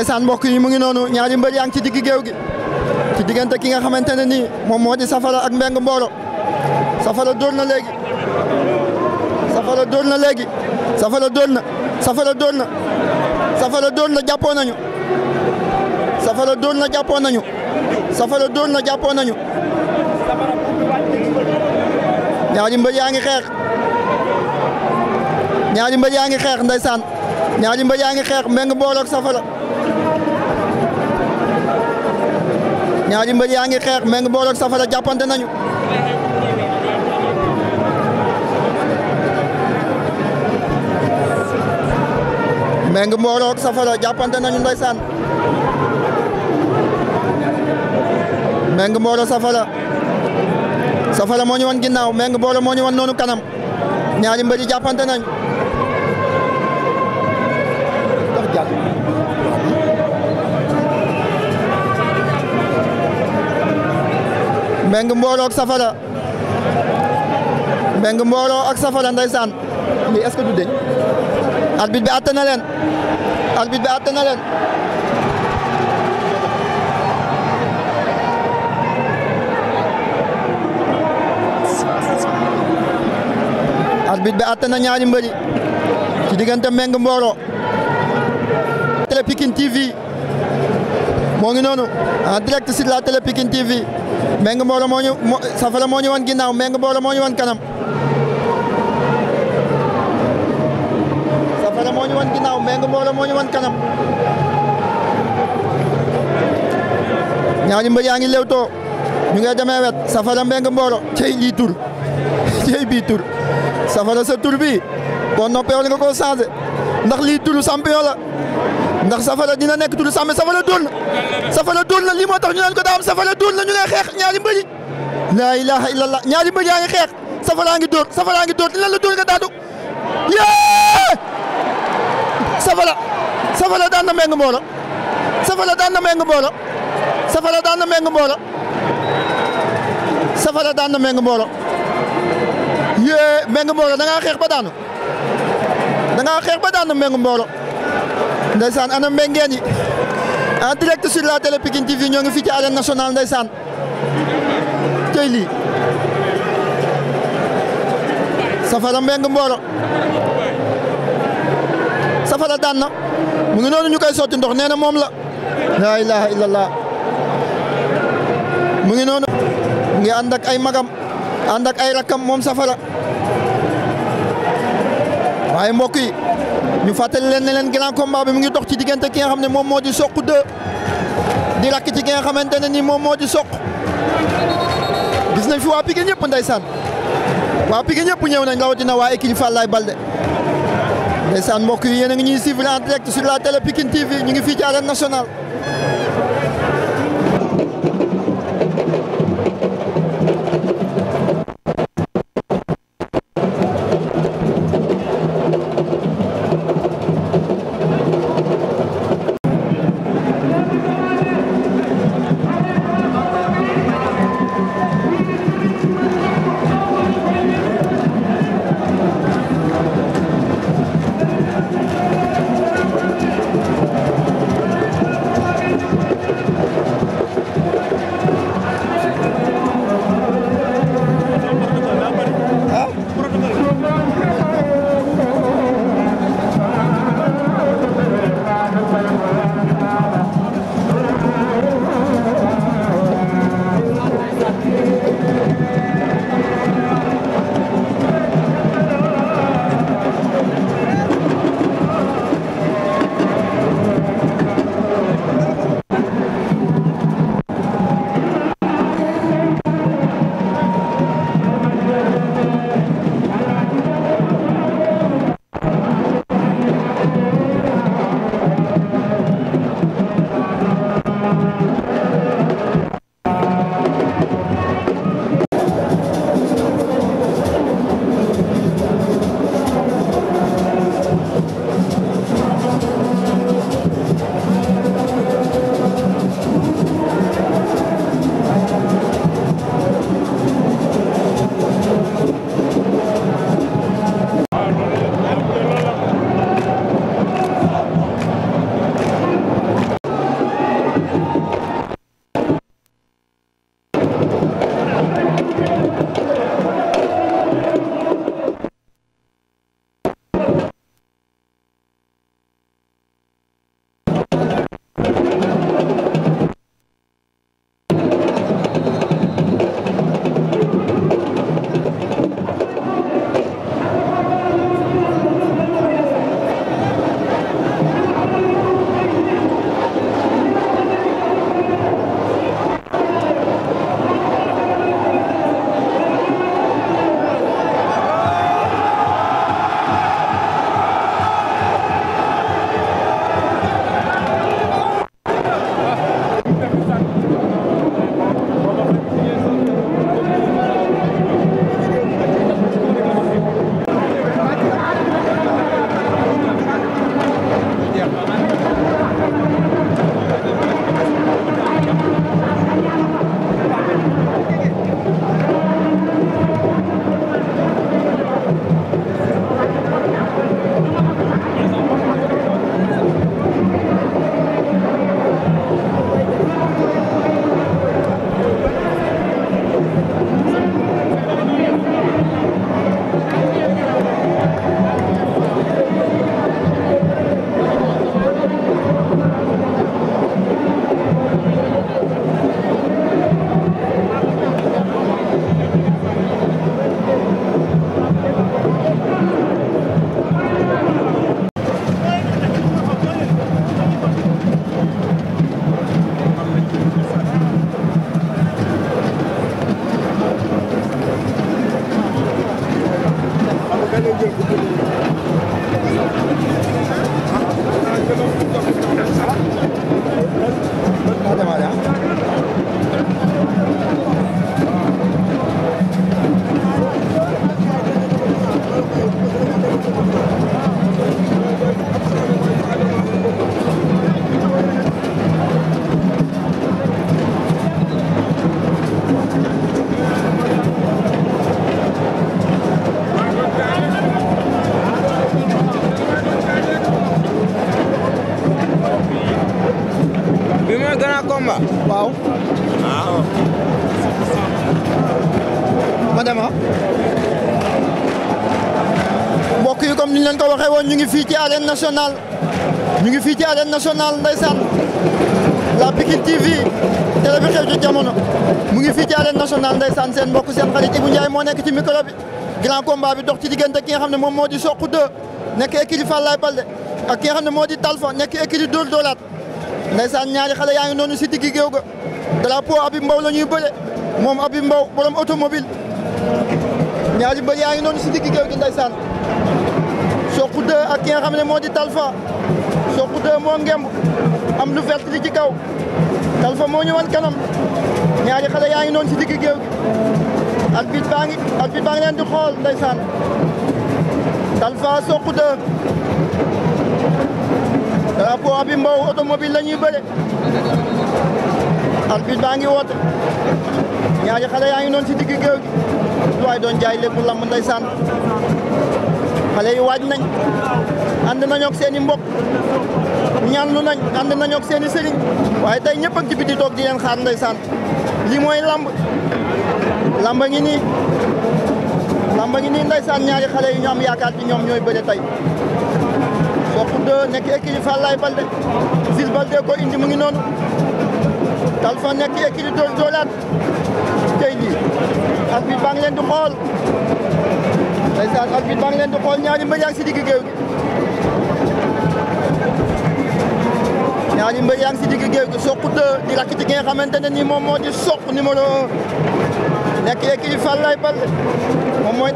ndeysaan mbokk yi mu ngi noonu ñaari mbër ci digg géew gi ci diggante ki nga xamante ne nii moom moo di safara ak mbeng mbooro safara dóor na léegi safara dóor na léegi safara dóor na safara dóor na safara dóor na jàppoon nañu safara dóor na jàppoon nañu safara dóor na jàppoon nañu ñaari mbër yaa ngi xeex ñaari mbër yaa ngi xeex ndeysaan ñaari mbër yaa ngi xeex mbeng mbooro ak safara ñaari mbër yaangi xex meng boor ak safara jappante nañu meng boor ak safara jappante nañu ndaysan meng boor safara safara moo ñu wan meng boor moo ñu wan kanam ñaari mbër yi jàppante nañu Mbengue Mbolo ak Safara nga Mbolo ak Safara nday lii est-ce que du deñ arbitre bi àtte na leen arbitre bi àtte na leen arbitre bi àtte na ñaari mbëri ci diggante Mbengue Mbolo Télé Pikine TV moo ngi noonu en ah, direct sur la télé Pikine TV Mbengue Mboro moo ñu Safara moo ñu wan ginnaaw Mbengue Mboro moo ñu wan kanam Safara moo ñu wan ginnaaw Mbengue moo ñu wan kanam ñaari mbër yaa ngi lewtoo ñu ngi demee wet Safara Mbengue Mboro cey lii tur cey bii Safara sa tur bi boo noppee wala nga koo changé ndax lii turu ndax safara dina nekk tudd sax mais safara dóor na safara dóor na lii tax ñu ko daa am safara dóor na ñu ngay xeex ñaari mbëri laa ilaha illallah ñaari mbëri yaa ngi xeex safara ngi dóor safara ngi dóor lan la dóor nga daatu yee safara safara daan na meng mboolo safara daan na meng mboolo safara daan na meng mboolo safara daan na meng yee meng mboolo xeex ba daanu da ngaa ndeysaan ana mbengeen yi en direct sur la télé Pikine TV ñoo ngi fii ci arène nationale ndeysaan tey lii safara mbeng mbooro safara daan na mu ngi noonu ñu koy sotti ndox nee na moom la laa ilaha illallah mu ngi noonu ngi ànd ak ay magam ànd ak ay rakkam moom safara waaye mbokk yi ñu fàttali leen ne leen grand combat bi mu ngi dox ci diggante ki nga xam ne moom moo di Sokh 2 di rakk ci ki nga xamante ne ni moom moo di Sokh gis nañ fi waa Pikine ñëpp ndeysaan waa Pikine ñëpp ñëw nañ rawatina waa équipe Fallaye Balde ndeysaan mbokk yi yéen a ngi ñuy suivre en direct sur la télé Pikine TV ñu ngi fii ci arène nationale waaw. ah. Madama. mbokk yi comme ni leen ko waxee woon ñu ngi fii ci arène nationale. ñu ngi fii ci arène nationale ndeysaan la Pikine TV télé bi xew ci jamono mu ngi fii ci arène nationale ndeysaan seen mbokk seen xarit Ibou Ndiaye moo nekk ci micro bi grand combat bi dox ci diggante ki nga xam ne moom moo di Sokh 2 nekk écurie Falaye Baldé ak ki xam ne moo di Talfa nekk écurie Dóor Dóoraat ndeysaan ñaari xale yaa ngi noonu si digg géew ga drapeau Habib Mbow la ñuy bëre moom abi Mbow borom automobile ñaari mbër yaa ngi noonu ci diggi géew gi ndeysaan Sokh ak ki xam ne moo di Talfa Sokh moo ngemb am lu vert li ci kaw Talfa moo ñëwal kanam ñaari xale yaa ngi noonu ci diggi géew gi at baa ngi at baa ngi leen di xool ndeysaan Talfa Sokh drapeau abi mbaw automobile la ñuy bëre bangi baa ngi woote ñaari xale non ngi noonu si digg géew gi waaye doon jaay lépp lamb ndeysaan xale yi waaj nañ ànd ini seen i mbokk ñaanlu nañ ànd nañook seen i sëriñ waaye tey ñëpp ak ci biti toog di leen xaar ndeysaan lii mooy lamb lambang ngi lambang ini ngi nii ndeysaan ñaari xale yi ñu am yaakaar ci ñoom Waxundo nekk écurie Fallaye Balde Zil Balde ko indi mu ngi noonu Talfa nekk écurie Dóor Dóoraat tey jii ak bi leen di xool ndeysaan ak leen di xool ñaari mbër si digg géew gi ñaari mbër yaa ngi si digg géew gi Sokkuta di rakk ci ki nga xamante ne nii moom moo di Sokk numéro nekk écurie Fallaye Balde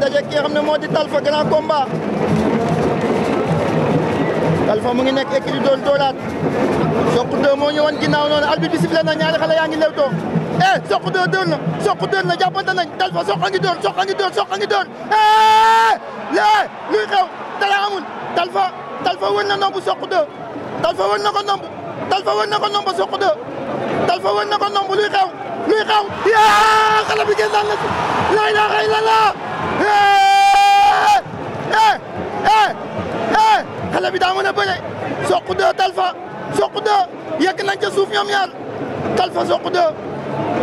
daje ki ne moo di Talfa grand combat Talfa mu ngi nekk écrit dool doolaat Sokh 2 moo ñëwoon ginnaaw noonu arbitre bi ñaari xale yaa ngi lewtoo eh Sokh 2 dóor na Sokh 2 na jàppante nañ Talfa Sokh a ngi dóor Sokh a ngi dóor Sokh a ngi dóor eh lee luy xew dara amul Talfa Talfa wër na nomb Sokh 2 Talfa wër na ko nomb Talfa wër na ko nomb Sokh 2 Talfa wër na ko nomb luy xew luy xew yaa xale bi lay laa xëy bi da mën a bëre Sokh 2 Talfa sokku 2 yek nañ ci souf ñom ñaar Talfa sokku 2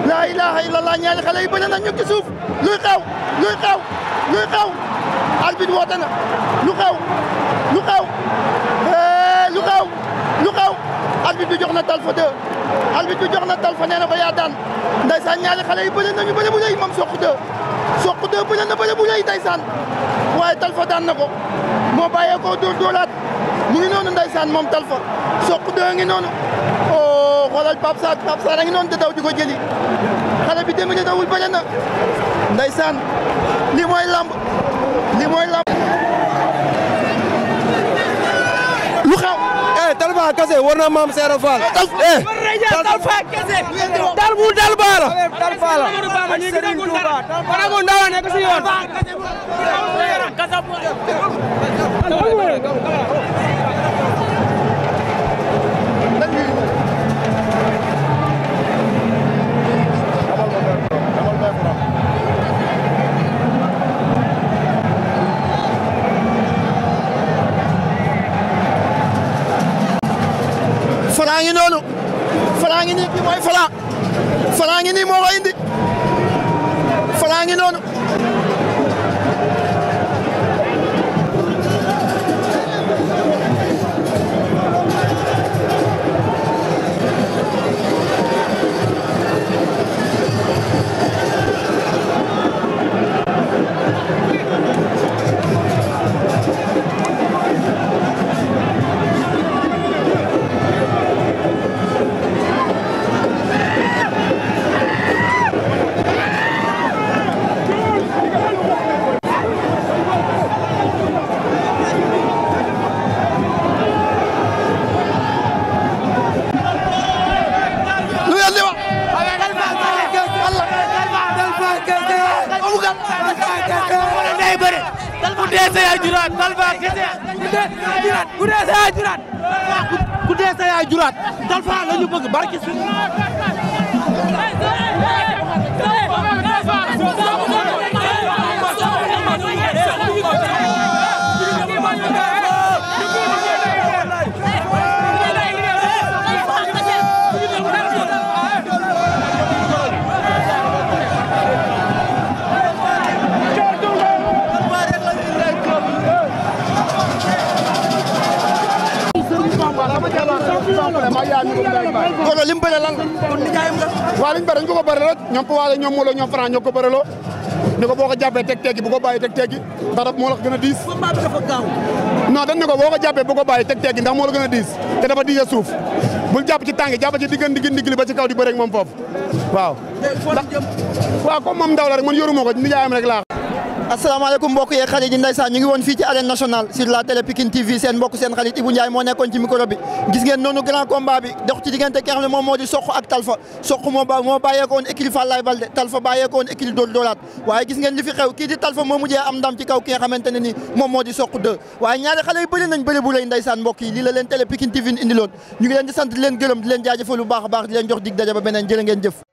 la ilaha illa allah ñaari xale yi bëre nañ ñu ci souf luy xew luy xew luy xew albi woote na lu xew lu xew lu xew lu xew albi du jox na Talfa de albi du jox na Talfa neena ba ya yaa daan ndeysaan ñaari xale yi nañ ñu bëre bu lay mom sokku 2 sokku 2 bëre na bëre bu rëy ndeysaan waaye Talfa daan nako mo baye ko dóor dóoraat mu ngi noonu ndeysaan moom Talfor soq doo ngi noonu oh xoolal Pape Sarr Pape Sarr a ngi noonu te daw di ko jëli xale bi demee dawul bëri na ndeysaan lii mooy lamb lii mooy lamb. lu xew. eh Talfa kese war na maam Seera Fall. eh Tal eh, bu Talfa la. Talfa la. Serigne Touba Talfa la. kon Franc ngi noonu Franc ngi ngi nii moo ñëwaat Talfa la ñu bëgg barki suñu bëre maa yaa ñu ko bëre bàyyi. Golo li mu bëre lan la. kon nijaayam la. waaw li ñu bëre dañu ko ko bëre ñoom Pouwaale ñoom Mawlo ñoom Franc ñoo ko bëreloo ni ko boo ko jàppee teg teggi bu ko bàyyi teg ndax moo la gën a diis. combat bi ne ko boo ko jàppee bu ko bàyyi teg ndax moo la gën diis te dafa diis a suuf bul jàpp ci tànk jàpp ci diggan diggan digli ba ci kaw di bëre moom foofu waaw. waaw comme moom ndaw la rek man yoruma ko nijaayam rek laa asalaamaaleykum mbokk yeeg xarit yi ndeysaan ñu ngi woon fii ci arène nationale sur la télé Pikine TV seen mbokk seen xarit Ibou Ndiaye moo nekkoon ci micro bi gis ngeen noonu grand combat bi dox ci diggante ki nga xam ne moom moo di Sokh ak Talfa Sokh moo ba moo bàyyeeko woon écurie Fallaye Baldé Talfa bàyyeeko woon écurie Dóor Dóoraat waaye gis ngeen li fi xew kii di Talfa moo mujjee am ndam ci kaw ki nga xamante ne ni moom moo di Sokh 2 waaye ñaari xale yi bëri nañ bëri bu rëy ndeysaan mbokk yi lii la leen télé Pikine TV indiloon ñu ngi leen di sant di leen gërëm di leen jaajëfal bu baax a baax di leen jox dig daje ba beneen jërë ngeen jëf